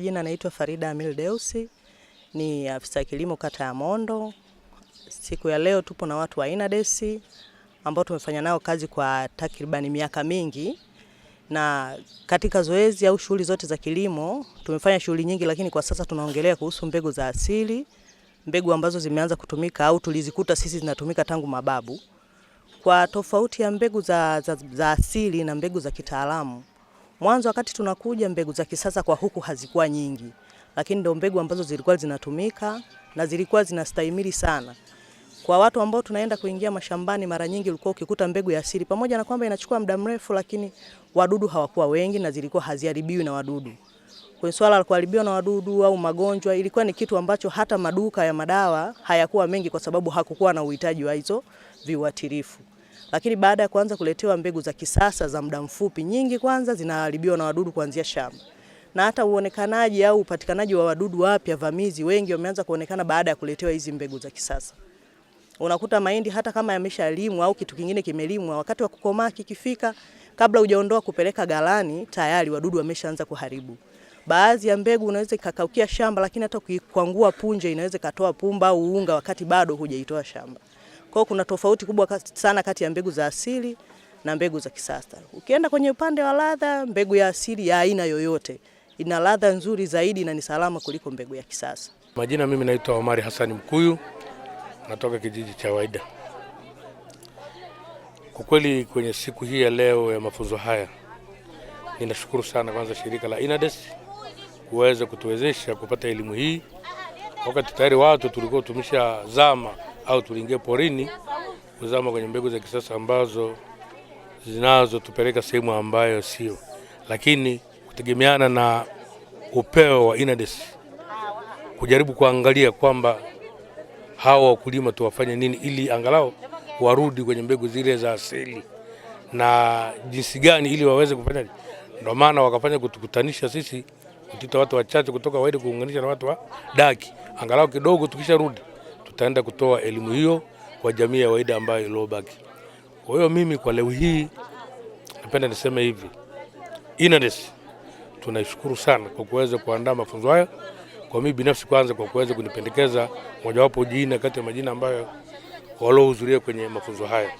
Jina naitwa Farida Amil Deusi, ni afisa kilimo kata ya Mondo. Siku ya leo tupo na watu wa Inadesi ambao tumefanya nao kazi kwa takribani miaka mingi, na katika zoezi au shughuli zote za kilimo tumefanya shughuli nyingi, lakini kwa sasa tunaongelea kuhusu mbegu za asili, mbegu ambazo zimeanza kutumika au tulizikuta sisi zinatumika tangu mababu. Kwa tofauti ya mbegu za, za, za asili na mbegu za kitaalamu Mwanzo wakati tunakuja mbegu za kisasa kwa huku hazikuwa nyingi, lakini ndio mbegu ambazo zilikuwa zinatumika na zilikuwa zinastahimili sana. Kwa watu ambao tunaenda kuingia mashambani, mara nyingi ulikuwa ukikuta mbegu ya asili, pamoja na kwamba inachukua muda mrefu, lakini wadudu hawakuwa wengi na zilikuwa haziharibiwi na wadudu. Kwa swala la kuharibiwa na wadudu au magonjwa, ilikuwa ni kitu ambacho hata maduka ya madawa hayakuwa mengi, kwa sababu hakukuwa na uhitaji wa hizo viuatilifu lakini baada ya kuanza kuletewa mbegu za kisasa za muda mfupi, nyingi kwanza zinaharibiwa na wadudu kuanzia shamba na hata uonekanaji au upatikanaji wa wadudu wapya vamizi wengi wameanza kuonekana baada ya kuletewa hizi mbegu za kisasa. Unakuta mahindi hata kama yameshalimwa au kitu kingine kimelimwa, wakati wa kukomaa kikifika, kabla hujaondoa kupeleka galani, tayari wadudu wameshaanza kuharibu. Baadhi ya mbegu unaweza ikakaukia shamba, lakini hata ukikwangua punje inaweza ikatoa pumba au unga wakati bado hujaitoa shamba. Kwa hiyo kuna tofauti kubwa sana kati ya mbegu za asili na mbegu za kisasa. Ukienda kwenye upande wa ladha, mbegu ya asili ya aina yoyote ina ladha nzuri zaidi na ni salama kuliko mbegu ya kisasa. Majina, mimi naitwa Omari Hassan Mkuyu, natoka kijiji cha Waida. Kwa kweli kwenye siku hii ya leo ya mafunzo haya ninashukuru sana kwanza shirika la Inades kuweza kutuwezesha kupata elimu hii, wakati tayari watu tulikuwa tumeshazama au tuliingie porini kuzama kwenye mbegu za kisasa ambazo zinazotupeleka sehemu ambayo sio, lakini kutegemeana na upeo wa INADES kujaribu kuangalia kwamba hawa wakulima tuwafanye nini ili angalau warudi kwenye mbegu zile za asili na jinsi gani ili waweze kufanya. Ndio maana wakafanya kutukutanisha sisi kutuita watu wachache kutoka Waidi kuunganisha na watu wa Daki, angalau kidogo tukisharudi tutaenda kutoa elimu hiyo kwa jamii ya waida ambayo iliobaki Kwa hiyo mimi kwa leo hii napenda niseme hivi, INADES tunaishukuru sana kwa kuweza kuandaa mafunzo hayo kwa mimi binafsi, kwanza kwa kuweza kunipendekeza mojawapo jina kati ya majina ambayo waliohudhuria kwenye mafunzo haya.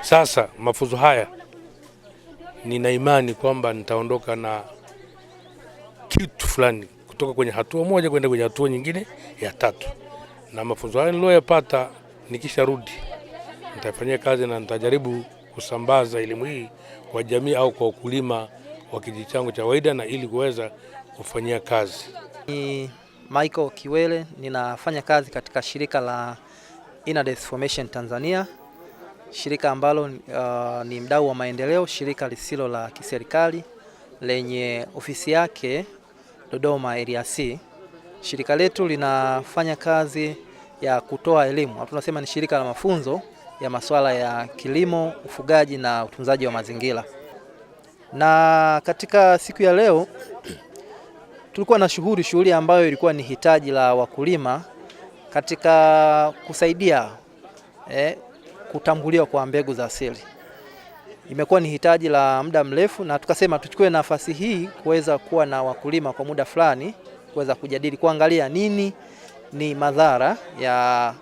Sasa mafunzo haya nina imani kwamba nitaondoka na kitu fulani kutoka kwenye hatua moja kwenda kwenye hatua nyingine ya tatu na mafunzo hayo niliyoyapata, nikisharudi nitafanyia kazi na nitajaribu kusambaza elimu hii kwa jamii au kwa wakulima wa kijiji changu cha Waida na ili kuweza kufanyia kazi. Ni Michael Kiwele, ninafanya kazi katika shirika la Inades Formation Tanzania, shirika ambalo uh, ni mdau wa maendeleo, shirika lisilo la kiserikali lenye ofisi yake Dodoma area C. Shirika letu linafanya kazi ya kutoa elimu au tunasema ni shirika la mafunzo ya masuala ya kilimo, ufugaji na utunzaji wa mazingira. Na katika siku ya leo tulikuwa na shughuli shughuli ambayo ilikuwa ni hitaji la wakulima katika kusaidia eh, kutambuliwa kwa mbegu za asili. Imekuwa ni hitaji la muda mrefu, na tukasema tuchukue nafasi hii kuweza kuwa na wakulima kwa muda fulani kuweza kujadili, kuangalia nini ni madhara ya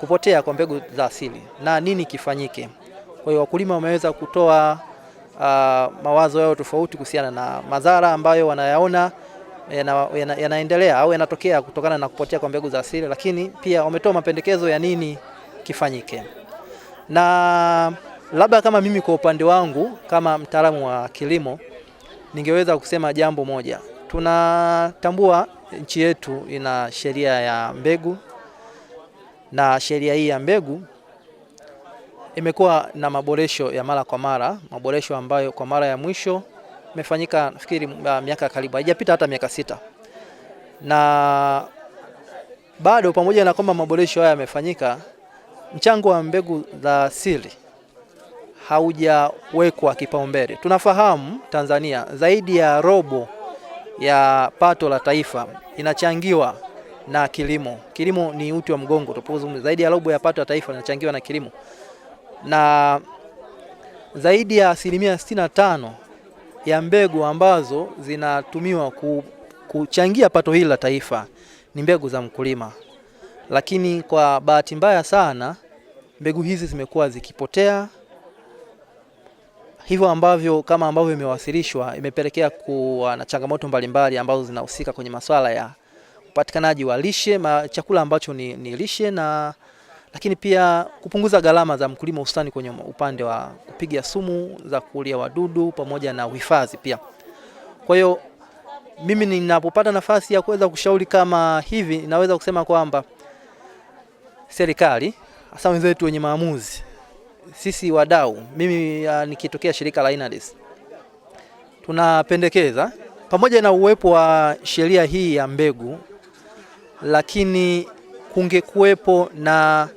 kupotea kwa mbegu za asili na nini kifanyike. Kwa hiyo wakulima wameweza kutoa uh, mawazo yao tofauti kuhusiana na madhara ambayo wanayaona yanaendelea yana, yana au yanatokea kutokana na kupotea kwa mbegu za asili, lakini pia wametoa mapendekezo ya nini kifanyike. Na labda kama mimi kwa upande wangu kama mtaalamu wa kilimo ningeweza kusema jambo moja, tunatambua nchi yetu ina sheria ya mbegu na sheria hii ya mbegu imekuwa na maboresho ya mara kwa mara, maboresho ambayo kwa mara ya mwisho imefanyika nafikiri miaka karibu haijapita hata miaka sita, na bado pamoja na kwamba maboresho haya yamefanyika, mchango wa mbegu za asili haujawekwa kipaumbele. Tunafahamu Tanzania zaidi ya robo ya pato la taifa inachangiwa na kilimo. Kilimo ni uti wa mgongo, zaidi ya robo ya pato la taifa linachangiwa na kilimo, na zaidi ya asilimia 65 ya mbegu ambazo zinatumiwa kuchangia pato hili la taifa ni mbegu za mkulima, lakini kwa bahati mbaya sana mbegu hizi zimekuwa zikipotea hivyo ambavyo kama ambavyo imewasilishwa imepelekea kuwa na changamoto mbalimbali ambazo zinahusika kwenye masuala ya upatikanaji wa lishe, chakula ambacho ni, ni lishe na lakini pia kupunguza gharama za mkulima hususani kwenye upande wa kupiga sumu za kulia wadudu pamoja na uhifadhi pia. Kwa hiyo mimi ninapopata nafasi ya kuweza kushauri kama hivi, naweza kusema kwamba serikali hasa wenzetu wenye maamuzi sisi wadau, mimi uh, nikitokea shirika la Inades tunapendekeza pamoja na uwepo wa sheria hii ya mbegu, lakini kungekuwepo na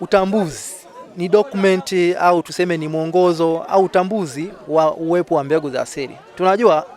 utambuzi, ni dokumenti au tuseme ni mwongozo au utambuzi wa uwepo wa mbegu za asili. Tunajua